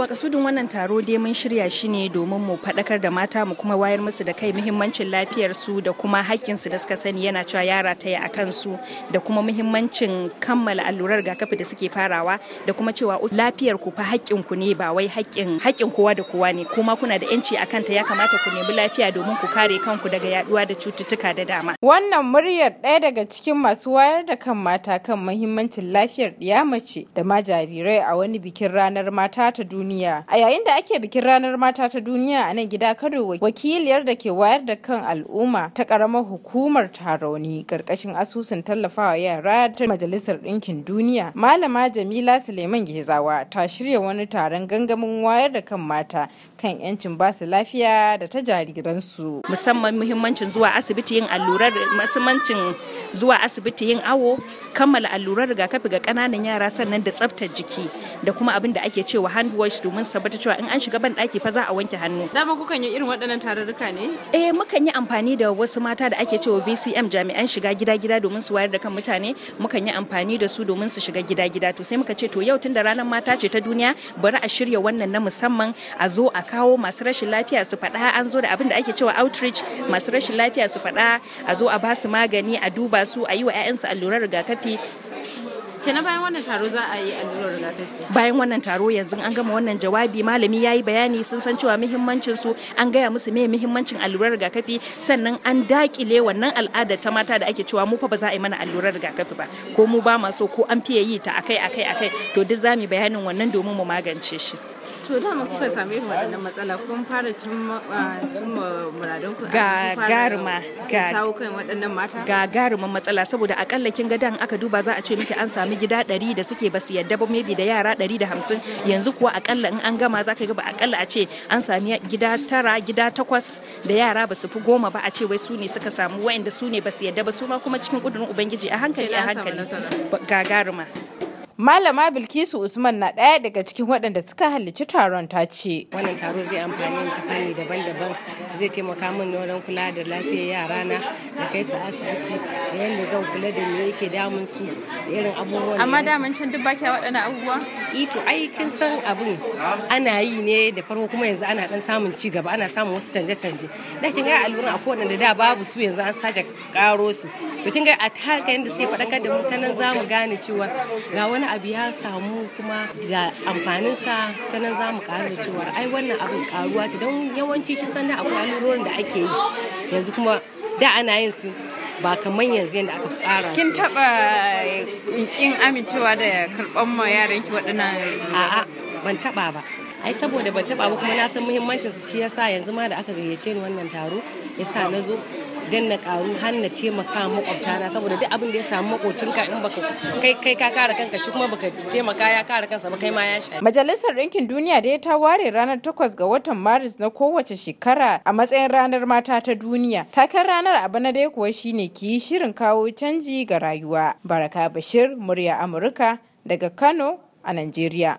makasudin wannan taro dai mun shirya shi ne domin mu faɗakar da mata mu kuma wayar musu da kai muhimmancin lafiyarsu da kuma haƙƙinsu da suka sani yana cewa yara yi a kansu da kuma muhimmancin kammala allurar rigakafi da suke farawa da kuma cewa lafiyar ku fa ku ne ba wai hakkin hakkin kowa da kowa ne kuma kuna da yanci a kanta ya kamata ku nemi lafiya domin ku kare kanku daga yaduwa da cututtuka da dama. Wannan muryar ɗaya daga cikin masu wayar da kan mata kan muhimmancin lafiyar ɗiya mace da ma jarirai a wani bikin ranar mata ta duniya. duniya. A yayin da ake bikin ranar mata ta duniya a nan gida Kano wakiliyar da ke wayar da kan al'umma ta karamar hukumar Tarauni karkashin asusun tallafawa yara ta Majalisar Ɗinkin Duniya. Malama Jamila Suleiman Gezawa ta shirya wani taron gangamin wayar da kan mata kan 'yancin basu lafiya da ta jariransu. Musamman muhimmancin zuwa asibiti yin allurar musammancin zuwa asibiti yin awo kammala allurar rigakafi ga ƙananan yara sannan da tsaftar jiki da kuma abin da ake cewa hand wash shi domin su tabbata cewa in an shiga ban ɗaki fa za a wanke hannu. Dama kukan yi irin waɗannan tarurruka ne? Eh mukan yi amfani da wasu mata da ake cewa VCM jami'an shiga gida-gida domin su wayar da kan mutane mukan yi amfani da su domin su shiga gida-gida to sai muka ce to yau tun da ranar mata ce ta duniya bari a shirya wannan na musamman a zo a kawo masu rashin lafiya su faɗa an zo da abin da ake cewa outreach masu rashin lafiya su faɗa a zo a ba su magani a duba su a yi wa 'ya'yansu allurar rigakafi kenan bayan wannan taro za a yi allurar rigakafi bayan wannan taro yanzu an gama wannan jawabi malami ya yi bayani sun san cewa muhimmancin su an gaya musu me muhimmancin allurar rigakafi sannan an dakile wannan al'ada ta mata da ake cewa mu fa ba za a yi mana allurar rigakafi ba ko mu ba ma so ko an fiye yi ta akai akai akai to duk za mu bayanin wannan domin mu magance shi to dama kuka same mu waɗannan matsala kun fara cimma ah, muradun ku garuma ga sau kan waɗannan mata garuma matsala saboda akalla kin ga dan aka duba za a ce miki an sami gida 100 da suke basu yadda ba maybe da yara 150 yanzu kuwa akalla in an gama zaka ga ba akalla a ce an sami gida tara gida takwas da yara basu fi goma ba a ce wai su ne suka samu waɗanda su ne basu yadda ba su ma kuma cikin kudurin ubangiji a hankali a hankali garuma Malama Bilkisu Usman na ɗaya daga cikin waɗanda suka halarci taron ta ce. Wannan taro zai amfani da fanni daban-daban zai taimaka min wajen kula da lafiyar yarana da kai su asibiti da yadda zan kula da me yake damun su da irin abubuwan. Amma daman can duk baki waɗannan abubuwa? Ito eh ai kin san abin ana yi ne da farko kuma yanzu ana ɗan samun ci gaba ana samun wasu canje-canje. Da kin ga alluran akwai waɗanda da babu su yanzu an sake karo su. To kin ga a ta yanda yadda suke faɗakar da mu ta nan za mu gane cewa ga wani abu ya samu kuma da amfaninsa ta nan za mu ƙara cewa ai wannan abin karuwa ce don yawanci kin san da akwai allurorin da ake yi yanzu kuma da ana yin su ba kamar yanzu yadda aka fara kin taba kin amincewa da karban ma yaran ki waɗannan a'a ban taba ba ai saboda ban taba ba kuma na san muhimmancin su shi yasa yanzu ma da aka gayyace ni wannan taro yasa na zo idan na karu har na taimaka makwabta na saboda duk abin da ya samu ka in baka kai kai ka kare kanka shi kuma baka taimaka ya kare kansa ba kai ma ya sha majalisar ɗinkin duniya da ta ware ranar 8 ga watan maris na kowace shekara a matsayin ranar mata ta duniya taken ranar abu na dai kuwa shine ki shirin kawo canji ga rayuwa baraka bashir murya amurka daga kano a najeriya